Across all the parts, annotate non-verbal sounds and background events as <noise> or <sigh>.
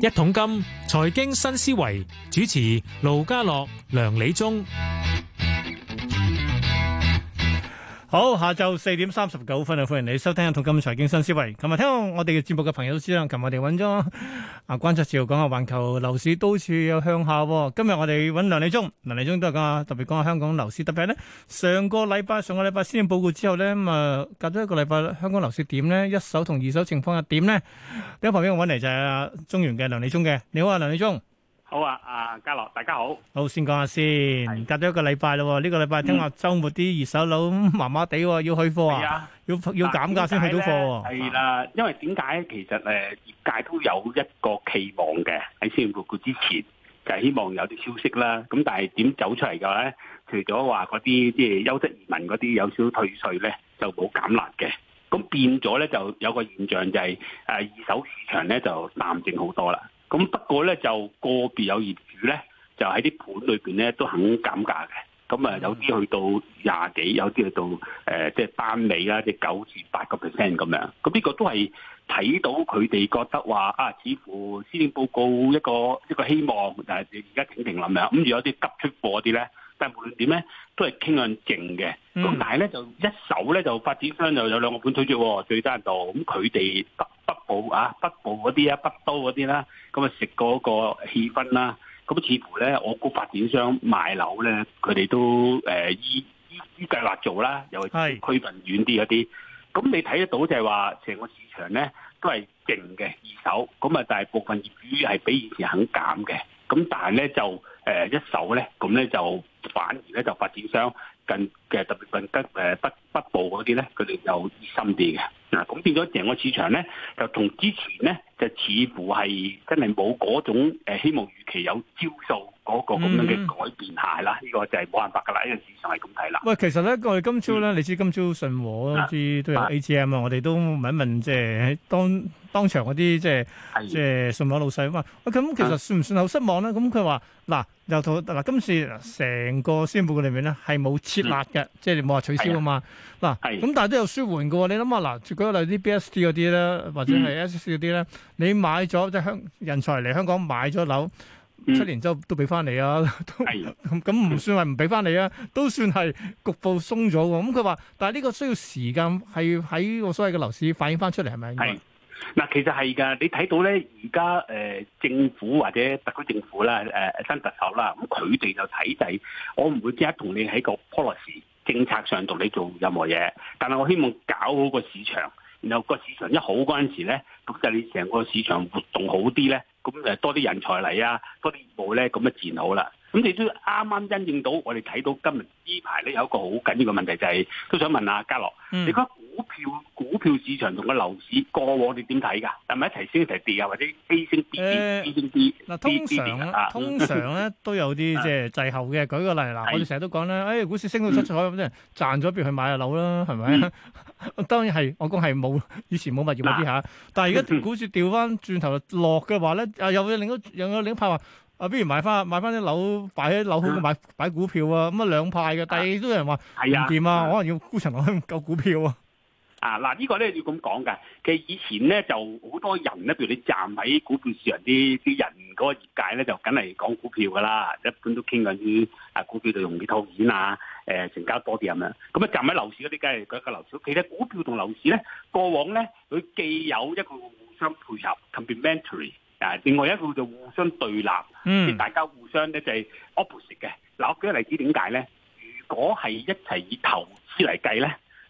一桶金財經新思維，主持盧家樂、梁理中。好，下晝四點三十九分啊！歡迎你收聽《同金財經新思維》。琴日聽我我哋嘅節目嘅朋友都知道，琴日我哋揾咗啊關卓兆講下環球樓市都似有向下。今日我哋揾梁理中，梁理中都係噶，特別講下香港樓市。特別係咧，上個禮拜上個禮拜施政報告之後咧咁啊，隔咗一個禮拜，香港樓市點咧？一手同二手情況係點咧？喺旁邊我揾嚟就係中原嘅梁理中嘅。你好啊，梁理中。好啊！阿嘉樂，大家好。好，先講下先，隔咗一個禮拜咯。呢個禮拜聽話周末啲二手樓麻麻地，要去貨啊，要要減價先去到貨。係啦，因為點解？其實誒，業界都有一個期望嘅，喺宣布佢之前，就希望有啲消息啦。咁但係點走出嚟嘅咧？除咗話嗰啲即係優質移民嗰啲有少少退稅咧，就冇減辣嘅。咁變咗咧，就有個現象就係誒，二手市場咧就淡靜好多啦。咁不過咧，就個別有業主咧，就喺啲盤裏面咧都肯減價嘅。咁啊，有啲去到廿幾，有啲去到誒，即係單尾啦，即係九至八個 percent 咁樣。咁呢個都係睇到佢哋覺得話啊，似乎施政報告一個一個希望，但係而家整平諗咩？咁而有啲急出貨啲咧。但無論點咧，都係傾向靜嘅。咁、嗯、但係咧，就一手咧，就發展商就有兩個盤推出，最爭到。咁佢哋北北部啊，北部嗰啲啊，北都嗰啲啦，咁啊食嗰個氣氛啦。咁似乎咧，我估發展商賣樓咧，佢哋都誒依依依計劃做啦。又區分遠啲嗰啲。咁你睇得到就係話成個市場咧都係靜嘅二手。咁啊，但係部分業主係比以前肯減嘅。咁但係咧就誒、呃、一手咧，咁咧就。反而咧就發展商近嘅特別近北誒北北部嗰啲咧，佢哋又熱心啲嘅。嗱，咁變咗成個市場咧，就同之前咧就似乎係真係冇嗰種誒希望預期有招數。嗰個咁樣嘅改變下啦，呢個就係冇辦法噶啦，呢個事實係咁睇啦。喂，其實咧，我哋今朝咧，你知今朝信和嗰啲都有 AGM 啊，我哋都問一問即係當當場嗰啲即係即係信和老細啊嘛。喂，咁其實算唔算好失望咧？咁佢話嗱又同嗱今次成個宣佈裏面咧係冇撤辣嘅，即係冇話取消啊嘛。嗱咁但係都有舒緩嘅喎。你諗下嗱，舉個例啲 B S D 嗰啲咧，或者係 S S D 咧，你買咗即係香人才嚟香港買咗樓。七年之後都俾翻你啊，嗯，都咁唔算係唔俾翻你啊，都算係局部鬆咗喎。咁佢話，但係呢個需要時間，係喺個所謂嘅樓市反映翻出嚟，係咪？係嗱，其實係噶，你睇到咧，而家誒政府或者特區政府啦，誒、呃、新特首啦，咁佢哋就睇制，我唔會即刻同你喺個 policy 政策上同你做任何嘢，但係我希望搞好個市場，然後個市場一好嗰陣時咧，就你成個市場活動好啲咧。咁誒多啲人才嚟啊，多啲業務咧，咁啊自然好啦。咁你都啱啱因應到，我哋睇到今日呢排咧有一個好緊要嘅問題，就係都想問下嘉樂。你股票、股票市場同個樓市過往你點睇㗎？係咪一齊升一齊跌啊？或者 A 升 B 跌，B 升 B，嗱通常咧，通常咧都有啲即係滯後嘅。舉個例嗱，我哋成日都講咧，誒股市升到七彩咁，即係賺咗，不如去買下樓啦，係咪啊？當然係，我講係冇以前冇物業嗰啲吓，但係而家股市掉翻轉頭落嘅話咧，又會另一另一派話啊，不如買翻買翻啲樓，擺喺樓墟度買擺股票啊，咁啊兩派嘅，但係都有人話唔掂啊，可能要沽層樓落去救股票啊。啊嗱，呢個咧要咁講㗎。其實以前咧就好多人咧，譬如你站喺股票市場啲啲人嗰個業界咧，就梗係講股票㗎啦。一般都傾緊啲啊股票就容易套現啊，誒成交多啲咁樣。咁啊站喺樓市嗰啲，梗係講個樓市。其實股票同樓市咧，過往咧佢既有一個互相配合 （complementary） 啊，另外一個就互相對立，即係大家互相咧就係 opposite 嘅。嗱，我舉個例子點解咧？如果係一齊以投資嚟計咧？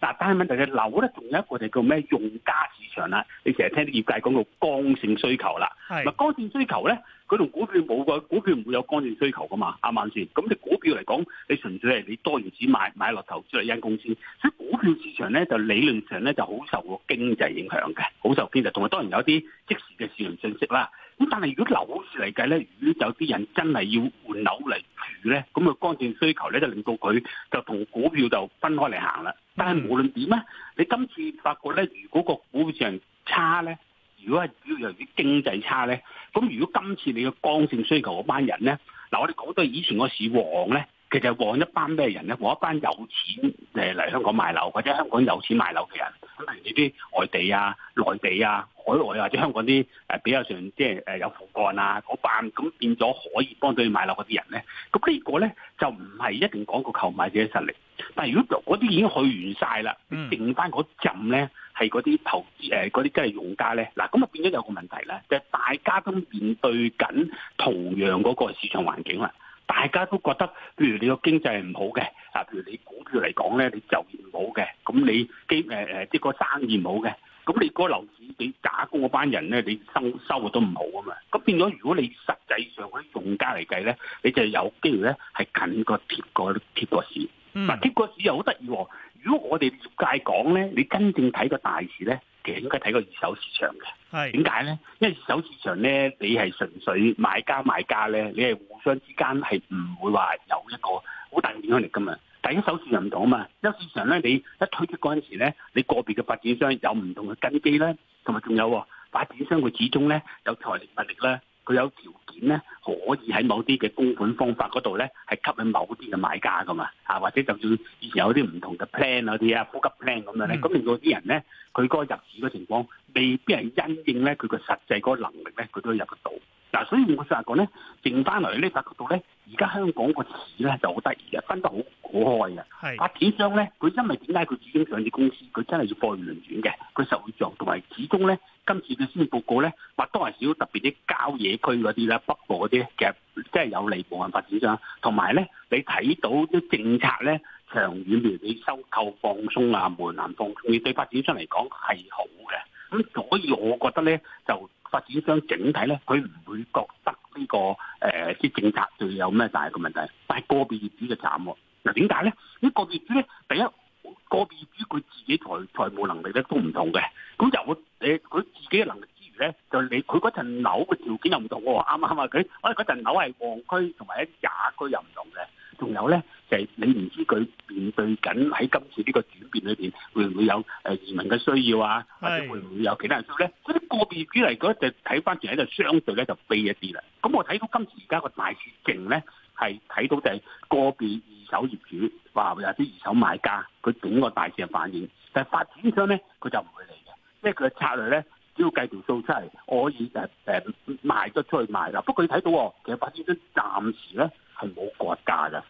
嗱，但問題嘅樓咧，仲有一個就叫咩用家市場啦。你成日聽啲業界講個剛性需求啦，係咪剛性需求咧？佢同股票冇嘅，股票唔會有剛性需求噶嘛。啱啱先？咁你股票嚟講，你純粹係你多餘錢買買落投資嚟一間公司，所以股票市場咧就理論上咧就好受個經濟影響嘅，好受經濟，同埋當然有啲即時嘅市場信息啦。咁但係如果樓市嚟計咧，如果有啲人真係要換樓嚟住咧，咁啊剛性需求咧就令到佢就同股票就分開嚟行啦。但係無論點呢，你今次發覺咧，如果個股市場差咧，如果係由於經濟差咧，咁如果今次你嘅剛性需求嗰班人咧，嗱我哋講到以前個市旺咧。其實往一班咩人咧？旺一班有錢誒嚟香港買樓或者香港有錢買樓嘅人，可能你啲外地啊、內地啊、海外、啊、或者香港啲比較上即係、呃、有父幹啊嗰班，咁變咗可以幫到你買樓嗰啲人咧，咁呢個咧就唔係一定講個購買者嘅實力。但如果嗰啲已經去完晒啦，剩翻嗰陣咧係嗰啲投資嗰啲真係用家咧，嗱咁啊變咗有個問題咧，就係、大家都面對緊同樣嗰個市場環境啦。大家都覺得，譬如你個經濟唔好嘅，啊，譬如你股票嚟講咧，你就業唔好嘅，咁你基即個生意唔好嘅，咁你嗰個樓市你打工嗰班人咧，你收收都唔好啊嘛，咁變咗如果你實際上啲用家嚟計咧，你就有機會咧係近個貼個貼個市，嗱、嗯、貼個市又好得意喎，如果我哋業界講咧，你真正睇個大市咧。應該睇過二手市場嘅，點解咧？因為二手市場咧，你係純粹買家買家咧，你係互相之間係唔會話有一個好大嘅影響力噶嘛。但係一手市場唔同啊嘛，一手市場咧，你一推出嗰陣時咧，你個別嘅發展商有唔同嘅根基咧，同埋仲有發展商會始終咧有財力物力咧。佢有條件咧，可以喺某啲嘅供款方法嗰度咧，係吸引某啲嘅買家噶嘛，啊或者就算以前有啲唔同嘅 plan 嗰啲啊，呼吸 plan 咁樣咧，咁令到啲人咧，佢嗰個入市嘅情況未必係因應咧佢個實際嗰個能力咧，佢都入得到。嗱，所以我成日講咧，剩翻嚟咧，發覺到咧，而家香港個市咧就好得意嘅，分得好好開嘅。發展商咧，佢因為點解佢始終上市公司，佢真係要貨圓輪轉嘅貨如輪轉，佢受做，同埋始終咧，今次佢先至報告咧，或多或少特別啲郊野區嗰啲咧，北部嗰啲，嘅，即係有利部分發展商，同埋咧，你睇到啲政策咧，長遠譬如你收購放鬆啊，門檻放鬆，對發展商嚟講係好嘅。咁所以我覺得咧，就發展商整體咧，佢唔會覺得呢、這個誒、呃，政策就有咩大嘅問題，但係個別業主嘅慘，嗱，點解咧？啲個別業主咧，第一，個別業主佢自己財財務能力咧都唔同嘅，咁由佢誒，佢自己嘅能力。咧就你佢嗰層樓嘅條件又唔同喎，啱啱啊？佢我哋嗰層樓係旺區同埋一啲雅區又唔同嘅，仲有咧就係你唔知佢面對緊喺今次呢個轉變裏面會唔會有移民嘅需要啊，或者會唔會有其他需要咧？嗰啲個別業主嚟講就睇翻住喺度，相對咧就悲一啲啦。咁我睇到今次而家個大市勁咧，係睇到就係個別二手業主，話，有啲二手買家佢整個大市嘅反應，但係發展商咧佢就唔會嚟嘅，因為佢嘅策略咧。要計條數出嚟，我可以誒誒賣咗出去賣。不過你睇到其實發展商暫時咧係冇割價嘅，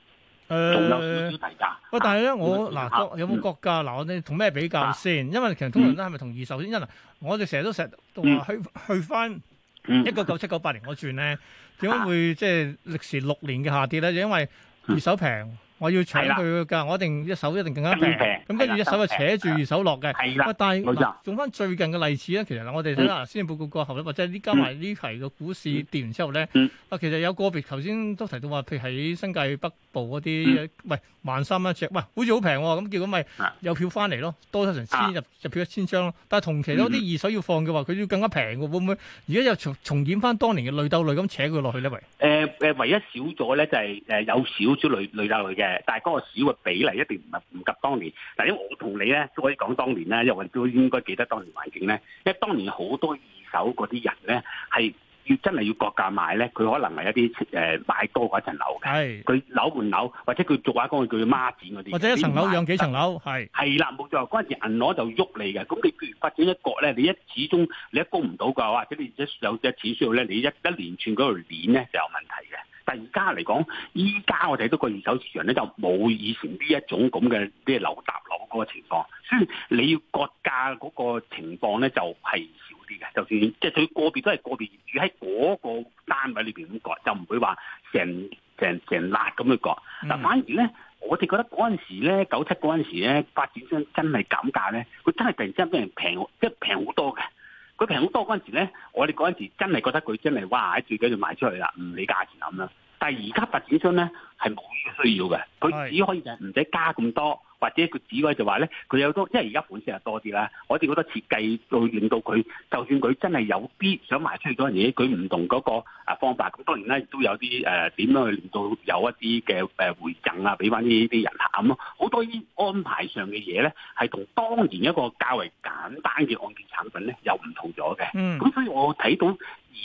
誒，仲有少少提價。喂、啊，但係咧我嗱、嗯，有冇割價？嗱、嗯，我哋同咩比較先？因為其實通常咧係咪同二手先、嗯？因為我哋成日都成日去、嗯、去翻一九九七九八年，我轉咧點解會即係歷時六年嘅下跌咧？就因為二手平。嗯嗯我要搶佢㗎，我一定一手一定更加平，咁跟住一手就扯住二手落嘅。但係，用翻最近嘅例子咧，其實我哋睇下先報告過後咧，或者呢加埋呢期嘅股市跌完之後咧，啊、嗯，其實有個別頭先都提到話，譬如喺新界北部嗰啲、嗯，喂，萬三蚊一隻，喂，好似好平喎，咁結果咪有票翻嚟咯，多咗成千入、啊、入票一千張咯。但係同期咧，啲二手要放嘅話，佢要更加平嘅，會唔會？而家又重重演翻當年嘅累鬥累咁扯佢落去咧？喂、呃呃，唯一少咗咧就係有少少累、累鬥累嘅。誒，但係嗰個市嘅比例一定唔係唔及當年。嗱，因為我同你咧都可以講當年咧，又或者都應該記得當年環境咧，因為當年好多二手嗰啲人咧係要真係要高價買咧，佢可能係一啲誒買多過一層樓嘅。係佢樓換樓，或者佢做下個叫孖展嗰啲，或者一層樓養幾層樓。係係啦，冇錯。嗰陣時銀攞就喐你嘅，咁你譬如發展一角咧，你一始終你一供唔到噶，或者你一有一錢需要咧，你一一連串嗰條鏈咧就有問題嘅。但而家嚟講，依家我哋都個二手市場咧就冇以前呢一種咁嘅即係樓搭樓嗰個情況，所以你要割價嗰個情況咧就係少啲嘅。就算即係佢個別都係個別業主喺嗰個單位裏邊咁割，就唔會話成成成辣咁去割。嗱、mm.，反而咧我哋覺得嗰陣時咧九七嗰陣時咧發展商真係減價咧，佢真係突然之間俾人平即係平好多嘅。佢平好多嗰陣時咧，我哋嗰陣時真係覺得佢真係哇喺最底度賣出去啦，唔理價錢咁啦。但係而家發展商咧係冇呢個需要嘅，佢只可以就唔使加咁多。或者佢指委就話咧，佢有多，因為而家款式係多啲啦。我哋覺得設計就令到佢，就算佢真係有啲想賣出去嗰樣嘢，佢唔同嗰個啊方法。咁當然咧，亦都有啲誒點樣去令到有一啲嘅回贈啊，俾翻呢啲人客咯。好多啲安排上嘅嘢咧，係同當年一個較為簡單嘅按揭產品咧，又唔同咗嘅。咁所以我睇到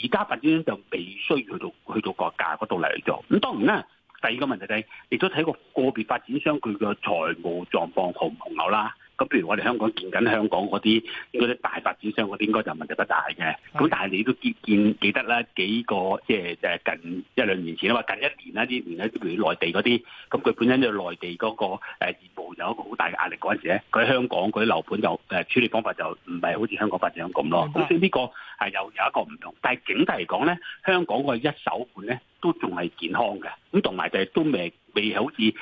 而家發展就未需要去到去到國價嗰度嚟做。咁當然呢。第二個問題，亦都睇過個別發展商佢嘅財務狀況好唔好啦。咁譬如我哋香港見緊香港嗰啲嗰啲大發展商嗰啲，應該就問題不大嘅。咁但係你都見見記得啦，幾個即係近一兩年前啊嘛，近一年啦，啲年啦，譬如內地嗰啲，咁佢本身就內地嗰個誒業務有一個好大嘅壓力嗰陣時咧，佢喺香港佢啲樓盤就誒處理方法就唔係好似香港發展咁咯。咁所以呢個係有有一個唔同。但係整體嚟講咧，香港嘅一手盤咧都仲係健康嘅。咁同埋就係都未未好似誒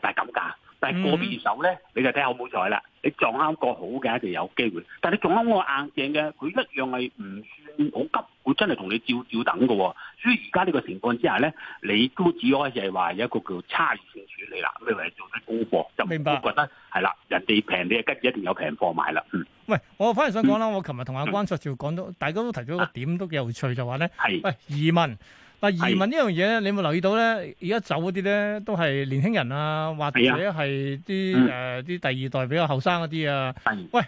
大減價。呃嗯、但係過邊手咧，你就睇下好唔好彩啦。你撞啱個好嘅就有機會，但係你撞啱個硬淨嘅，佢一樣係唔算好急，佢真係同你照照等嘅。所以而家呢個情況之下咧，你都只可以係話有一個叫差異性處理啦。咁你為做啲高貨就明白、覺得係啦，人哋平你嘅跟住一定有平貨買啦。嗯。喂，我反而想講啦，我琴日同阿關焯照、嗯、講到，大家都提咗個點都幾有趣，就話咧係。喂，疑問。嗱，移民呢樣嘢咧，你有冇留意到咧？而家走嗰啲咧，都係年輕人啊，或者係啲誒啲第二代比較後生嗰啲啊。喂，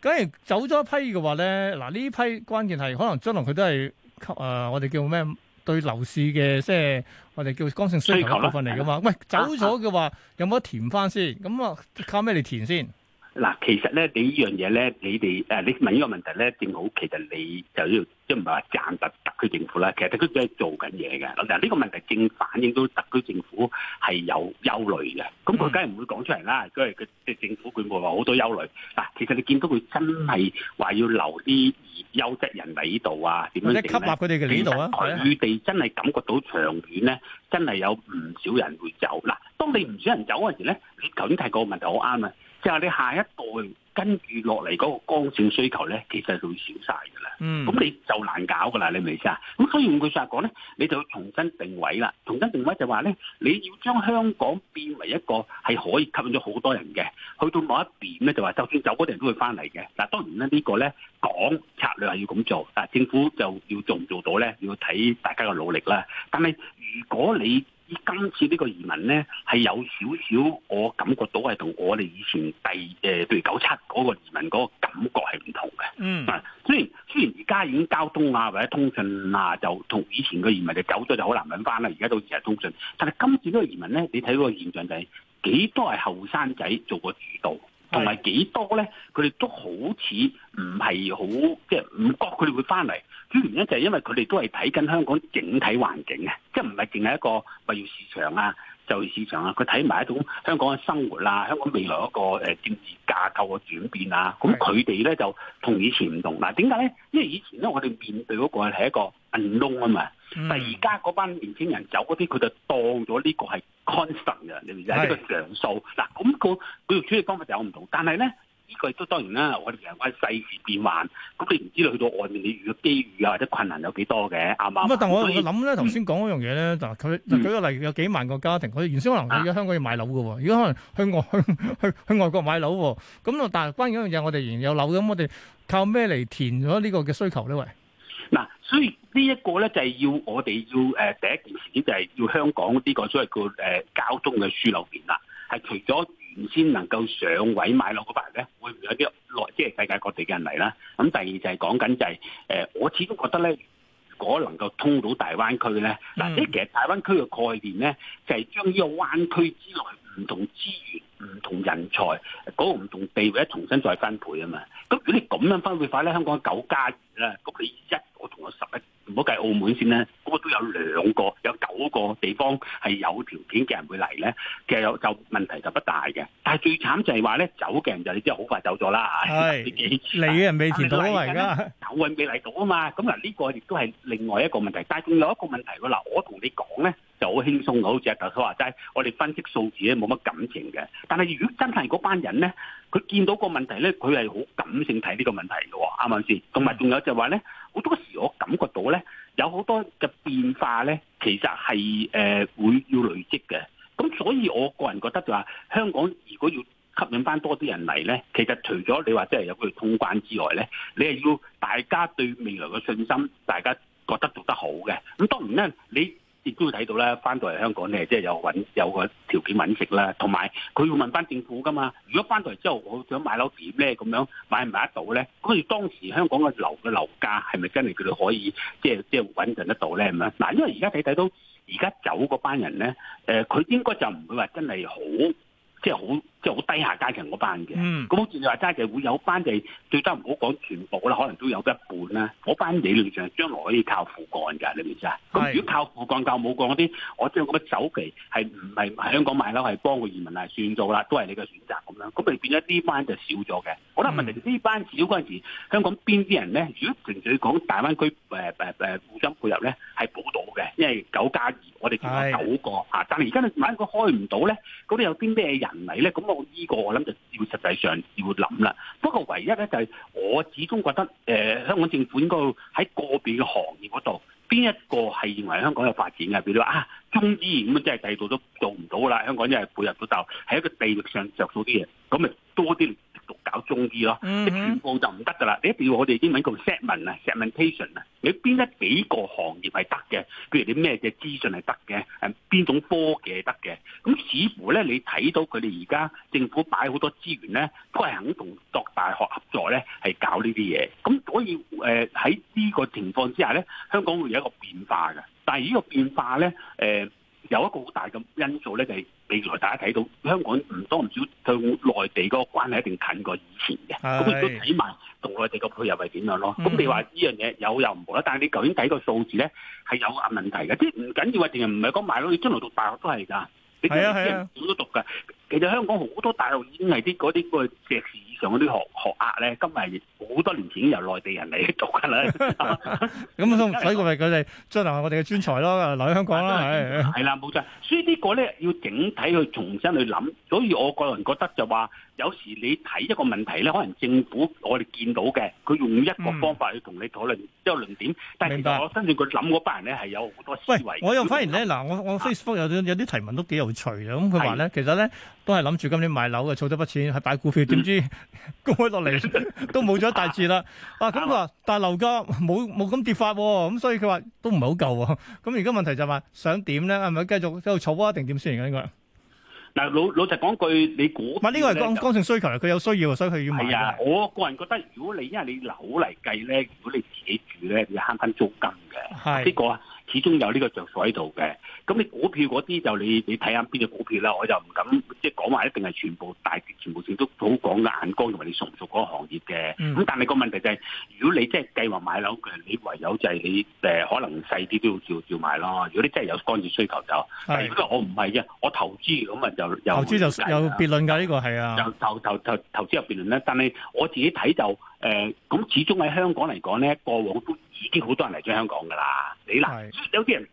假如走咗一批嘅話咧，嗱，呢批關鍵係可能將來佢都係誒、呃、我哋叫咩對樓市嘅即係我哋叫剛性需求一部分嚟噶嘛？喂，走咗嘅話，有冇得填翻先？咁啊，靠咩嚟填先？嗱，其實咧，你這呢樣嘢咧，你哋誒，你問呢個問題咧，正好其實你就要，即唔係話讚特特區政府啦？其實特區政府係做緊嘢嘅。嗱，呢個問題正反映到特區政府係有憂慮嘅。咁佢梗係唔會講出嚟啦。因為佢即係政府官員話好多憂慮。嗱、啊，其實你見到佢真係話要留啲優質人喺度啊？點樣吸納？佢哋嘅度。佢哋真係感覺到長遠咧，真係有唔少人會走。嗱、嗯，當你唔少人走嗰時咧，你頭先提個問題好啱啊！就係你下一代跟住落嚟嗰個剛性需求咧，其實就會少晒噶啦。嗯，咁你就難搞噶啦，你明唔明啊？咁所以換句話講咧，你就要重新定位啦。重新定位就話咧，你要將香港變為一個係可以吸引咗好多人嘅，去到某一點咧，就話就算走嗰啲人都會翻嚟嘅。嗱，當然咧，呢個咧，講策略係要咁做，但政府就要做唔做到咧，要睇大家嘅努力啦。但係如果你今次呢個移民咧，係有少少我感覺到係同我哋以前第誒，譬如九七嗰個移民嗰個感覺係唔同嘅。嗯，雖然雖然而家已經交通啊或者通訊啊，就同以前嘅移民就走咗就好難揾翻啦。而家到而家通訊，但係今次呢個移民咧，你睇嗰個現象就係幾多係後生仔做個主導。同埋幾多咧？佢哋都好似唔係好，即係唔覺佢哋會翻嚟。主要原因就係因為佢哋都係睇緊香港整體環境嘅，即係唔係淨係一個物業市場啊。就市場啊，佢睇埋一種香港嘅生活啦、啊，香港未來一個誒政治架構嘅轉變啊，咁佢哋咧就同以前唔同。嗱，點解咧？因為以前咧，我哋面對嗰個係一個 unknown 啊嘛，嗯、但而家嗰班年輕人走嗰啲，佢就當咗呢個係 constant 嘅，呢、呢個常數。嗱，咁個佢哋處理方法就唔同，但係咧。呢、這個、都當然啦，我哋成日講世事變幻，咁你唔知道去到外面，你遇嘅機遇啊或者困難有幾多嘅，啱嘛？咁啊，但我我諗咧，頭先講嗰樣嘢咧，就佢就舉個例，有幾萬個家庭，佢原先可能去咗香港要買樓嘅、啊，如果可能去外去去外國買樓，咁但係關係一樣嘢，我哋仍然有樓咁，我哋靠咩嚟填咗呢個嘅需求咧？喂，嗱，所以呢一個咧就係要我哋要誒第一件事就係要香港呢個所謂叫誒交通嘅樞紐點啦，係、呃、除咗。先能夠上位買樓嗰排咧，會唔會有啲內即係世界各地嘅人嚟啦？咁第二就係講緊就係誒，我始終覺得咧，如果能夠通到大灣區咧，嗱、嗯，呢其實大灣區嘅概念咧，就係、是、將呢個灣區之內唔同資源、唔同人才嗰、那個唔同地位重新再分配啊嘛。咁如果你咁樣分配法咧，香港九加二啦，咁你一我同我十一，唔好計澳門先啦。我都有兩個，有九個地方係有條件嘅人會嚟咧，其實有就問題就不大嘅。但係最慘就係話咧，走嘅人就，就 <laughs> 你知道好快走咗啦嚇。係嚟嘅人未嚟到啊，嚮往未嚟到啊嘛。咁啊呢個亦都係另外一個問題。但係仲有一個問題喎嗱，我同你講咧就好輕鬆嘅，好似頭先話齋，我哋分析數字咧冇乜感情嘅。但係如果真係嗰班人咧，佢見到個問題咧，佢係好感性睇呢個問題嘅喎，啱唔啱先？同埋仲有就係話咧，好多時我感覺到咧，有好多嘅。變化咧，其實係誒、呃、會要累積嘅，咁所以我個人覺得就話、是、香港如果要吸引返多啲人嚟咧，其實除咗你話即係有佢通關之外咧，你係要大家對未來嘅信心，大家覺得做得好嘅，咁當然咧你。亦都會睇到啦，翻到嚟香港咧，即係有揾有個條件揾食啦，同埋佢會問翻政府噶嘛。如果翻到嚟之後，我想買樓點咧，咁樣買唔買得到咧？好似當時香港嘅樓嘅樓價係咪真係佢哋可以即係即係穩陣得到咧？咁樣嗱，因為而家睇睇到，而家走嗰班人咧，誒、呃，佢應該就唔會話真係好，即係好即係好低下。班嘅，咁好似你話齋，就會有班地，最多唔好講全部啦，可能都有一半啦。嗰班理論上將來可以靠父幹㗎，你明唔明啊？咁如果靠父幹、靠武幹嗰啲，我即係乜首期係唔係香港買樓係幫個移民係算數啦？都係你嘅選擇咁樣。咁你變咗呢班就少咗嘅。我諗問題呢班少嗰陣時，香港邊啲人咧？如果純粹講大灣區誒誒誒互相配合咧，係補到嘅，因為九加二，我哋見到九個啊。但係而家你萬一佢開唔到咧，嗰啲有啲咩人嚟咧？咁我呢個我就要實際上要諗啦，不過唯一咧就係我始終覺得，誒、呃、香港政府應該喺個別嘅行業嗰度，邊一個係認為香港有發展嘅？譬如話啊，中醫咁啊，真係制度都做唔到啦，香港真係配合到就喺一個地域上着數啲嘢，咁咪多啲。搞中醫咯，全部就唔得噶啦！你一定要我哋英文叫 segment 啊 segmentation 啊，你邊一幾個行業係得嘅？譬如你咩嘅資訊係得嘅？誒，邊種科技係得嘅？咁似乎咧，你睇到佢哋而家政府擺好多資源咧，都係肯同各大學合作咧，係搞呢啲嘢。咁所以誒，喺呢個情況之下咧，香港會有一個變化嘅。但係呢個變化咧，誒。有一個好大嘅因素咧，就係、是、未來大家睇到香港唔多唔少對內地嗰個關係一定近過以前嘅，咁亦都睇埋同內地個配又係點樣咯。咁、嗯、你話呢樣嘢有又唔好啦，但係你究竟睇個數字咧係有問題嘅，即係唔緊要話定係唔係講買樓。你將來讀大學都係㗎，你哋唔少都讀㗎。其實香港好多大學已經係啲嗰啲個碩士。上嗰啲學學額咧，今日好多年前已經由內地人嚟讀噶啦，咁 <laughs> <laughs> <laughs> <laughs> <laughs> 所以佢哋即係我哋嘅專才咯，留喺香港，係啦冇錯。所以個呢個咧要整體去重新去諗，所以我個人覺得就話。有時你睇一個問題咧，可能政府我哋見到嘅，佢用一個方法去同你討論一個論點，但係其實我相信佢諗嗰班人咧係有好多思維。我又、就是、反而咧，嗱，我我 Facebook 有有啲提問都幾有趣嘅，咁佢話咧，其實咧都係諗住今年買樓嘅，儲多筆錢喺擺股票，點知高位落嚟都冇咗一大截啦。哇、啊，咁佢話但樓價冇冇咁跌法、啊，咁所以佢話都唔係好夠喎。咁而家問題就係、是、話想點咧？係咪繼續喺度儲啊，定點先？啊？呢老老實講句，你估，買、這、呢個係剛剛性需求，佢有需要，所以佢要買。係啊，我個人覺得，如果你因為你樓嚟計咧，如果你自己住咧，要慳翻租金嘅。係呢、這個。始終有呢個着數喺度嘅，咁你股票嗰啲就你你睇下邊隻股票啦，我就唔敢即係講話一定係全部大全部市都好講眼光。同埋你熟唔熟嗰個行業嘅。咁、嗯、但係個問題就係、是，如果你即係計劃買樓嘅，你唯有就係你誒、呃、可能細啲都要照照買咯。如果你真係有剛性需求就係。是如果我唔係嘅，我投資咁啊就有投資就有別論㗎呢、這個係啊。投投投投資有別論啦，但係我自己睇就誒，咁、呃、始終喺香港嚟講咧，過往都。已經好多人嚟咗香港噶啦，你嗱有啲人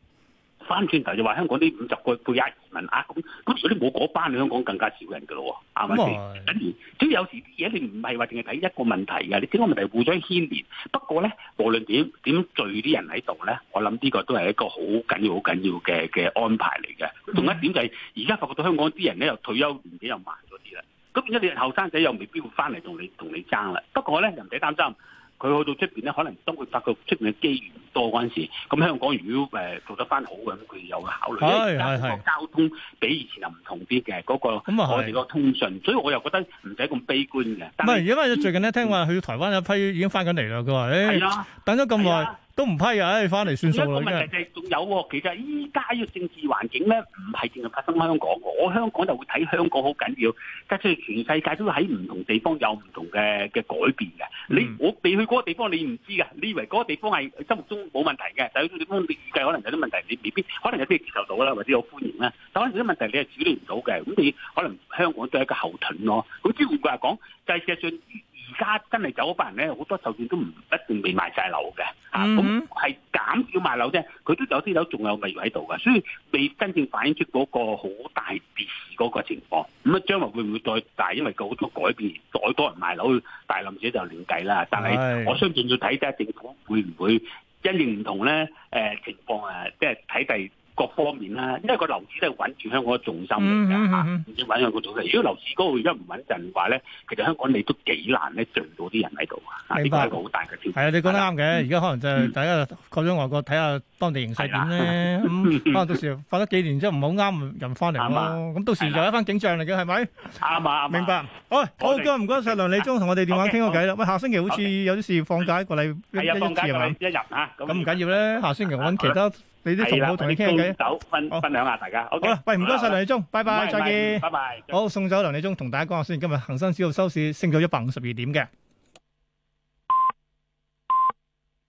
翻轉頭就話香港啲五十個配額移民啊，咁咁所以冇嗰班你香港更加少人噶咯，係咪先？等於、嗯、有時啲嘢你唔係話淨係睇一個問題嘅，啲問題互相牽連。不過咧，無論點點聚啲人喺度咧，我諗呢個都係一個好緊要、好緊要嘅嘅安排嚟嘅。仲一點就係而家發覺到香港啲人咧又退休年紀又慢咗啲啦，咁因為你後生仔又未必會翻嚟同你同你爭啦。不過咧，又唔使擔心。佢去到出邊咧，可能當佢發覺出邊嘅機遇唔多嗰陣時，咁香港如果誒、呃、做得翻好嘅，佢有考慮，哎哎、因為交通比以前又唔同啲嘅嗰個、就是、我哋個通訊，所以我又覺得唔使咁悲觀嘅。唔係，因為最近咧聽話去台灣一批已經翻緊嚟啦，佢話誒，等咗咁耐。都唔批啊！翻嚟算數啦，真係、就係。仲有，其實依家呢個政治環境咧，唔係淨係發生香港。我香港就會睇香港好緊要，加上全世界都喺唔同地方有唔同嘅嘅改變嘅。你我你去嗰個地方，你唔知噶。你以為嗰個地方係心目中冇問題嘅，但係嗰個地方你預計可能有啲問題，你未必可能有啲接受到啦，或者有歡迎啦。但係有啲問題你係處理唔到嘅。咁你可能香港都係一個後盾咯。好之換句話講，就係事實上。家真係走一班人咧，好多受眾都唔一定未賣晒樓㗎，咁係減少賣樓啫，佢都有啲樓仲有未喺度㗎，所以未真正反映出嗰個好大跌市嗰個情況。咁啊，將來會唔會再大？因為好多改變，再多人賣樓，大臨時就亂計啦。但係我相信要睇睇政府會唔會，因應唔同咧，誒情況啊，即係睇第。各方面啦，因為個樓市都係穩住香港嘅重心嚟㗎嚇，要穩住個重心。如果樓市嗰度一唔穩陣嘅話咧，其實香港你都幾難咧聚到啲人喺度啊。明白，好大嘅跳。係啊，你講得啱嘅。而家可能就大家過咗外國睇下當地形勢點咧。咁可能到時發咗幾年之後唔好啱人翻嚟咯。咁到時就一翻景象嚟嘅係咪？啱啊！明白。好，好唔該唔該曬梁理中同我哋電話傾個偈啦。喂，下星期好似有啲事放假一個禮拜，係啊，放假係一日嚇。咁唔緊要咧。下星期我揾其他。你啲同你、啊、好同你傾下偈，分分享下大家。好啦，唔該晒梁理中，拜拜，再見，拜拜。好，送走梁理中，同大家講下先。今日恒生指數收市升咗一百五十二點嘅。